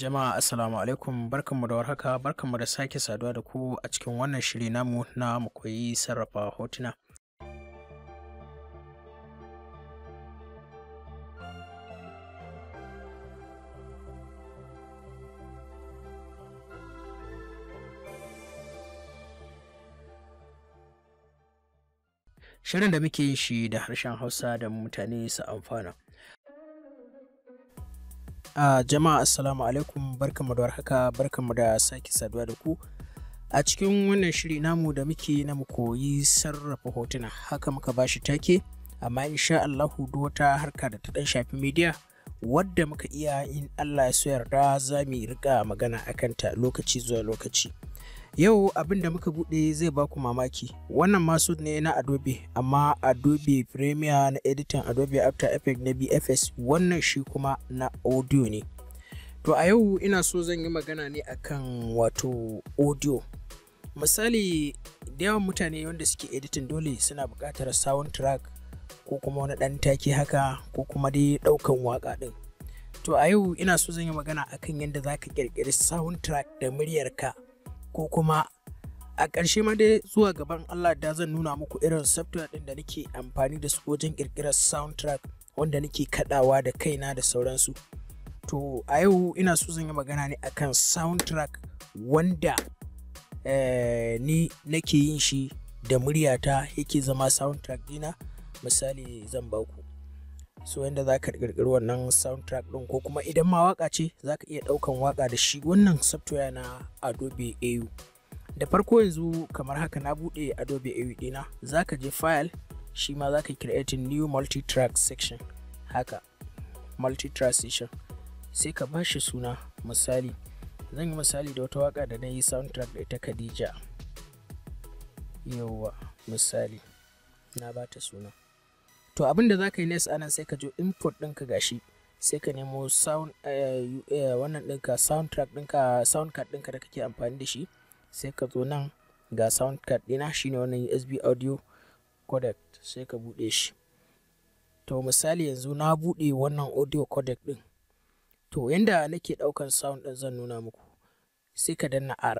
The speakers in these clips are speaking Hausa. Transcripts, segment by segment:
Jama'a assalamu alaikum barkanmu da warhaka barkanmu da sake saduwa da ku a cikin wannan shiri namu na mu koyi sarrafa hotuna. Shirin da muke yin shi da harshen Hausa da mutane su amfana. A jama'a assalamu alaikum barkanmu da warhaka barkanmu da sake saduwa da ku a cikin wannan shiri namu da muke na mu koyi sarrafa hotuna haka muka bashi take amma insha Allahu duk wata harka da ta dan shafi media wadda muka iya in Allah ya so yarda za mu riga magana akan ta lokaci zuwa lokaci Yau abin da muka buɗe zai baku mamaki. Wannan masu ne na Adobe, amma Adobe Premiere na editan Adobe After Effects na BFS wannan shi kuma na audio ne. To a yau ina so zan yi magana ne akan wato audio. Misali da yawan mutane wanda suke editin dole suna buƙatar soundtrack ko kuma wani ɗan take haka ko kuma dai ɗaukan waƙa ɗin. To a yau ina so zan yi magana akan yadda za ka ƙirƙiri soundtrack da muryarka. ko kuma a ƙarshe ma dai zuwa gaban Allah da zan nuna muku irin software ɗin da nake amfani da su wajen ƙirƙirar soundtrack wanda nake kaɗawa da kaina da sauransu to a yau ina so zan yi magana ne akan soundtrack wanda eh, ni nake yin shi da muryata yake zama soundtrack dina misali zan baku so yadda za ka ƙirƙiri wannan soundtrack ɗin ko kuma idan ma waƙa ce za ka iya ɗaukan waƙa da shi wannan software na adobe au da farko yanzu kamar haka na buɗe adobe au ɗina za ka je file shi ma za ka creating new multi-track section haka multi-track section sai ka ba shi suna misali zan yi misali da wata waƙa da na yi soundtrack da ita khadija yauwa misali na ba ta suna to abin da za ka yi a anan sai ka je input ɗinka gashi sai ka nemo sound eh, eh, wannan ɗinka soundtrack ɗinka sound card ɗinka da kake amfani da shi sai ka zo nan ga sound card ɗina shine wannan USB audio codec sai ka buɗe shi to misali yanzu na buɗe wannan audio codec ɗin to yanda nake ɗaukan sound ɗin zan nuna muku sai ka danna R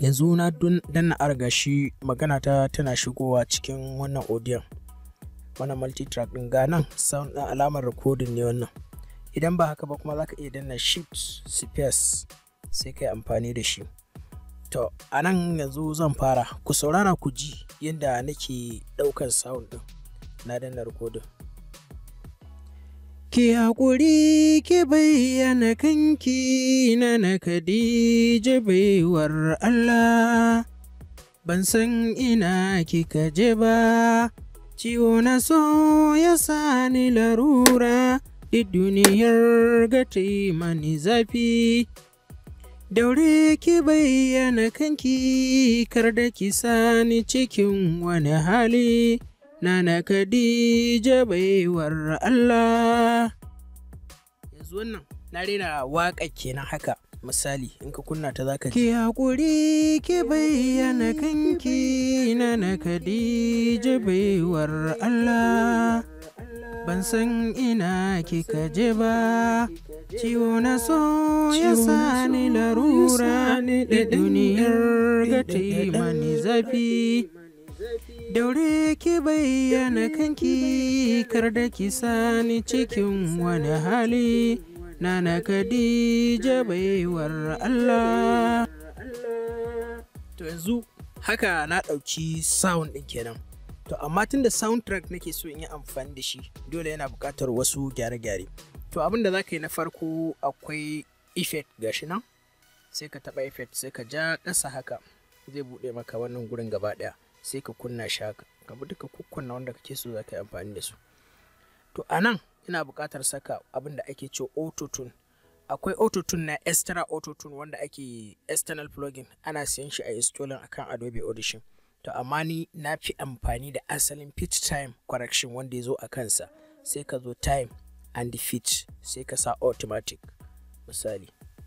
yanzu na danna R gashi magana ta tana shigowa cikin wannan audio wannan track din ga nan sound ɗin alamar recording ne wannan idan ba haka ba kuma zaka ka iya danna shift space sai kai amfani da shi to a nan yanzu zan fara ku saurara ku ji yadda nake ɗaukar sound ɗin na danna recording Ki haƙuri ki bayyana kanki na na Khadija baiwar Allah, ban san ina kika je ba, ciwo na so ya sani larura duniyar gata mani zafi daure ki bayyana kanki kar da ki sani cikin wani hali nana kadija baiwar Allah yanzu wannan na rera waƙa kenan haka misali in ka kunna ta zaka ji ki hakuri ki bayyana kanki na na kadija baiwar Allah ban san ina kika je ba ciwo na so ya sani larura da duniyar gati mani zafi daure ki bayyana kanki kar da ki sani cikin wani hali Nana Khadija baiwar Allah. To yanzu haka na ɗauki sound ɗin kenan. To amma tun da soundtrack nake so in yi amfani da shi dole yana buƙatar wasu gyare-gyare. To abin da za ka yi na farko akwai effect gashi nan sai ka taɓa effect sai ka ja ƙasa haka zai buɗe maka wannan gurin gaba ɗaya sai ka kunna shi haka ka bi duka kukkunna wanda kake so za ka yi amfani da su. To a nan ina buƙatar saka abin da ake ce autotune akwai autotune na external autotune wanda ake external plugin ana siyan shi a installing akan adobe audition to amma ni na fi amfani da asalin pitch time correction wanda ya zo a kansa sai ka zo time and pitch sai ka sa automatic misali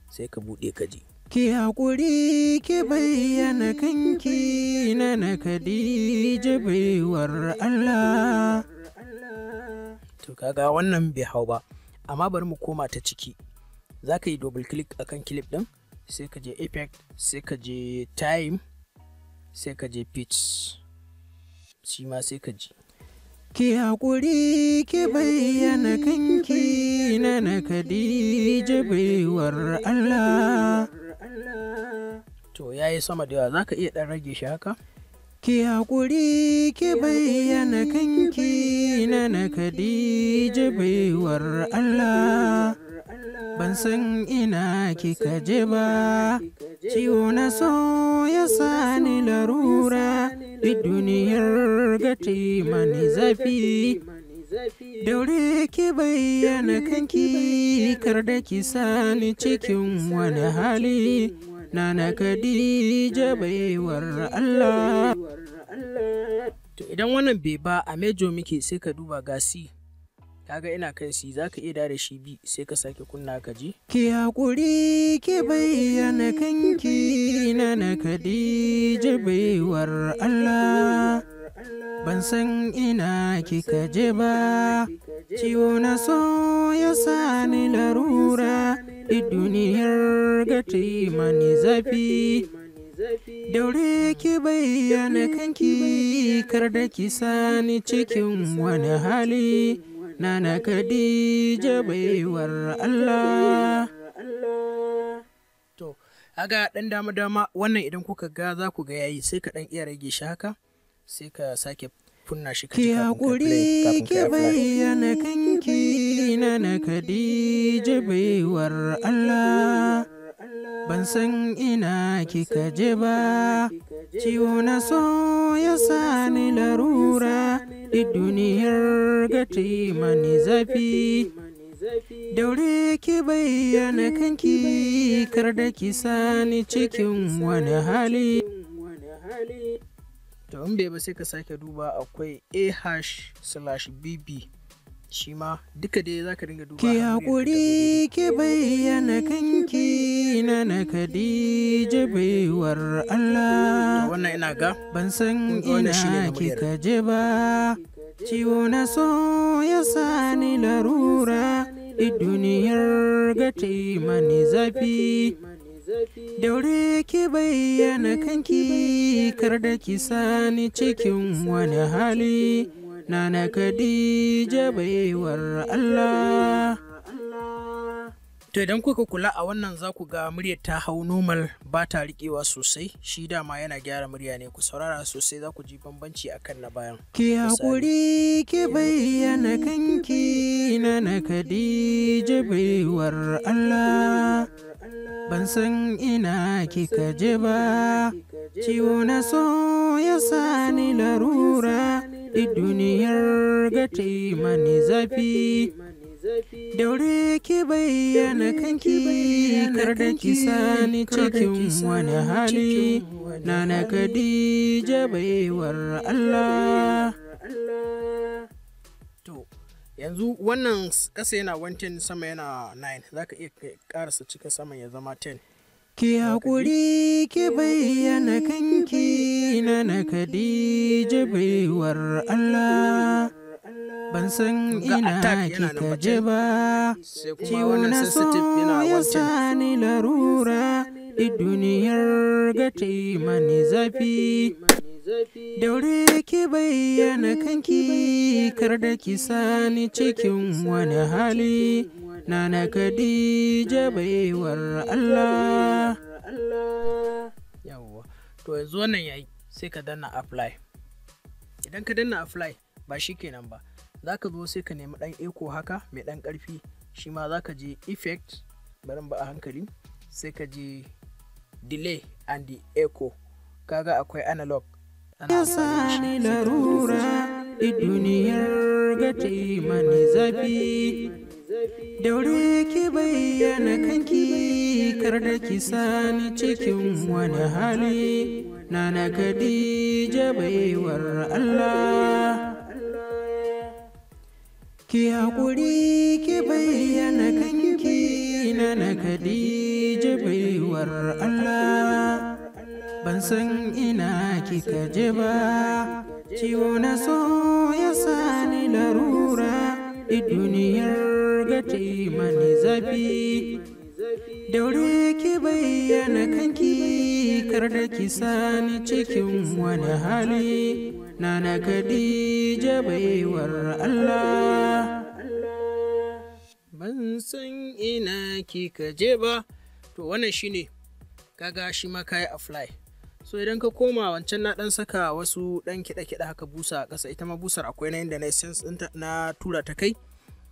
sai ka buɗe ka ji Ki haƙuri ki bayyana kanki na nakadi jibewar Allah. to kaga wannan bai hau ba amma bari mu koma ta ciki za ka yi double click akan clip din sai ka je effect sai ka je time sai ka je pitch shi ma sai ka ji ki haƙuri ki bayyana kanki na na kadija baiwar Allah to yayi sama da yawa za ka iya ɗan rage shi haka Ki haƙuri ki bayyana kanki na na Khadija baiwar Allah. Ban san ina kika je ba, ciwo na so ya sani larura, bi duniyar gati mani zafi. Daure ki bayyana kanki kar da ki sani cikin wani hali, na na Khadija baiwar Allah. Allah to idan wannan bai ba a mejo muke sai ka duba gasi, C kaga ina kan C za ka iya da shi bi sai ka sake kunna ka ji ki hakuri ki bayyana kanki na na kadi Allah ban san ina kika je ba ciwo na so ya sani larura duniyar gati mani zafi daure ki bayyana kanki kar da ki sani cikin wani hali nana kadija baiwar Allah to aga dan dama dama wannan idan kuka ga za ku ga yayi sai ka dan iya rage shi haka sai ka sake kunna shi ki hakuri ki bayyana kanki nana kadija baiwar Allah ban san ina kika je ba ciwo na so ya sani larura duk duniyar gati mani zafi daure ki bayyana kanki kar da ki sani cikin wani hali to in bai ba sai ka sake duba akwai a hash slash bb shi ma duka dai za ka dinga duba ki haƙuri ki bayyana kanki na na kadija baiwar Allah wannan ina ga ban san ina kika je ba ciwo na so ya sani larura duniyar ga mani zafi daure ki bayyana kanki kar da ki sani cikin wani hali Nana Khadija baiwar Allah. To idan kuka kula a wannan za ku ga muryar ta hau normal ba ta riƙewa sosai shi dama yana gyara murya ne ku saurara sosai za ku ji bambanci a kan na bayan. Ki haƙuri ki bayyana kanki na na Khadija baiwar Allah. Ban san ina kika je ba, ciwo na so ya sani larura, duk duniyar ga mani zafi. daure ke bayyana kanki karda kisa ni cikin wani hali na na gadi baiwar Allah to yanzu wannan kasa yana 110 sama yana 9 zaka iya karasa cika sama ya zama 10 Ki haƙuri ki bayyana kanki na na kadi baiwar Allah. ban san ina kika je ba ciwo na so ya sa ni larura Di duniyar ga ta yi mani zafi daure ki bayyana kanki kar da ki sani cikin wani hali na na kadija baiwar Allah yawwa to yanzu wannan yayi sai ka danna apply idan ka danna apply ba shi kenan ba za ka zo sai ka nemi ɗan eco haka mai ɗan ƙarfi shi ma za ka je effect barin ba a hankali sai ka je delay and the echo kaga akwai analog sani larura duniyar gati mani zafi daure ki bayyana kanki kar da ki sani cikin wani hali na na kadija baiwar allah Ki haƙuri ki bayyana kanki na na Khadija baiwar Allah. Ban san ina kika je ba, ciwo na so ya sani larura, duniyar gati mani zafi. daure ki bayyana kanki kar da ki sani cikin wani hali na kadija baiwar allah ban san ina kika je ba to wannan shine kaga shi ma kai a fly so idan ka koma wancan na dan saka wasu dan kiɗa-kiɗa haka busa a ƙasa ita ma busar akwai na inda na na tura ta kai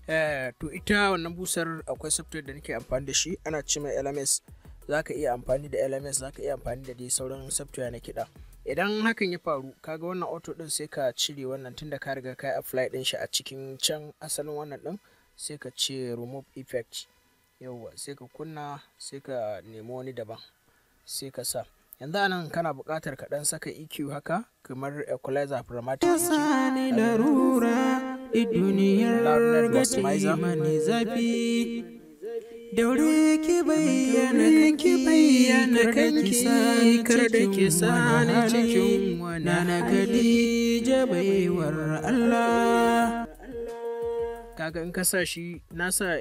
Eh, to ita wannan busar akwai software da nake amfani da shi ana ce mai LMS za ka iya amfani da LMS za ka iya amfani da dai sauran software na kiɗa idan hakan ya faru kaga wannan auto din sai ka cire wannan tunda ka riga ka apply din shi a cikin can asalin wannan din sai ka ce remove effect yauwa sai ka kunna sai ka nemi wani daban sai ka sa yanzu anan kana buƙatar ka ɗan saka EQ haka kamar equalizer chromatic. duniyar gata zafi daure ki bayyana kanki bayyana kanki sai kar da ke sani cikin wana na Khadija baiwar Allah kaga in ka sa shi na sa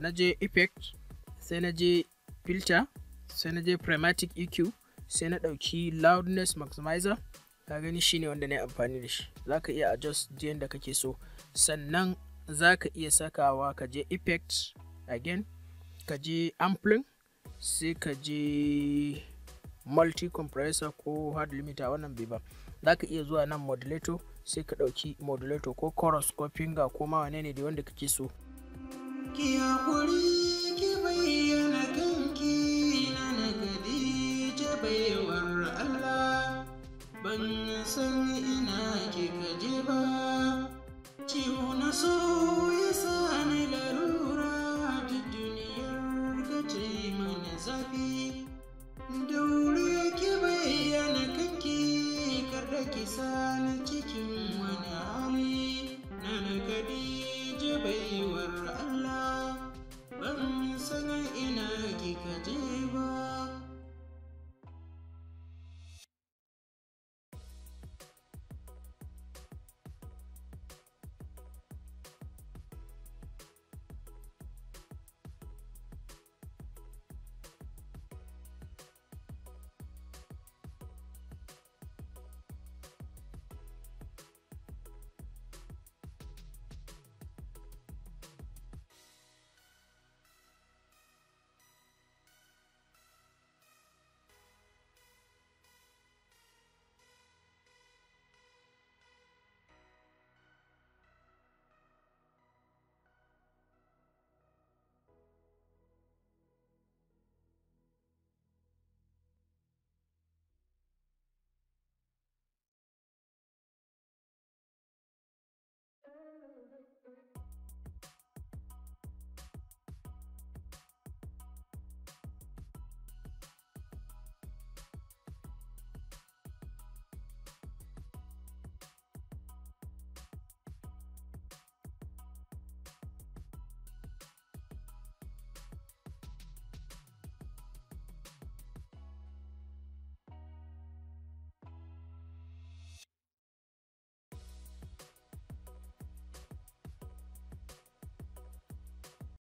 na je effect sai na je filter sai na je pneumatic EQ sai na ɗauki loudness maximizer ka gani ne wanda na yi amfani da shi za ka iya adjust da yadda kake so sannan za ka iya sakawa ka je effect again ka je ampling sai ka je multi compressor ko hard limiter wannan bai ba za ka iya zuwa nan modulator sai ka ɗauki modulator ko chorus ko finger ko ma wane ne da wanda kake so. Kiyakuri yi mana zafi wuri ke bayyana kanki kar da ki na cikin wani hali na nakadi